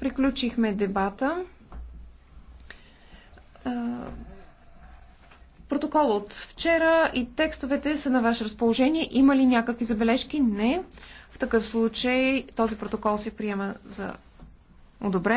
Приключихме дебата. Протокол от вчера и текстовете са на ваше разположение. Има ли някакви забележки? Не. В такъв случай този протокол се приема за одобрен.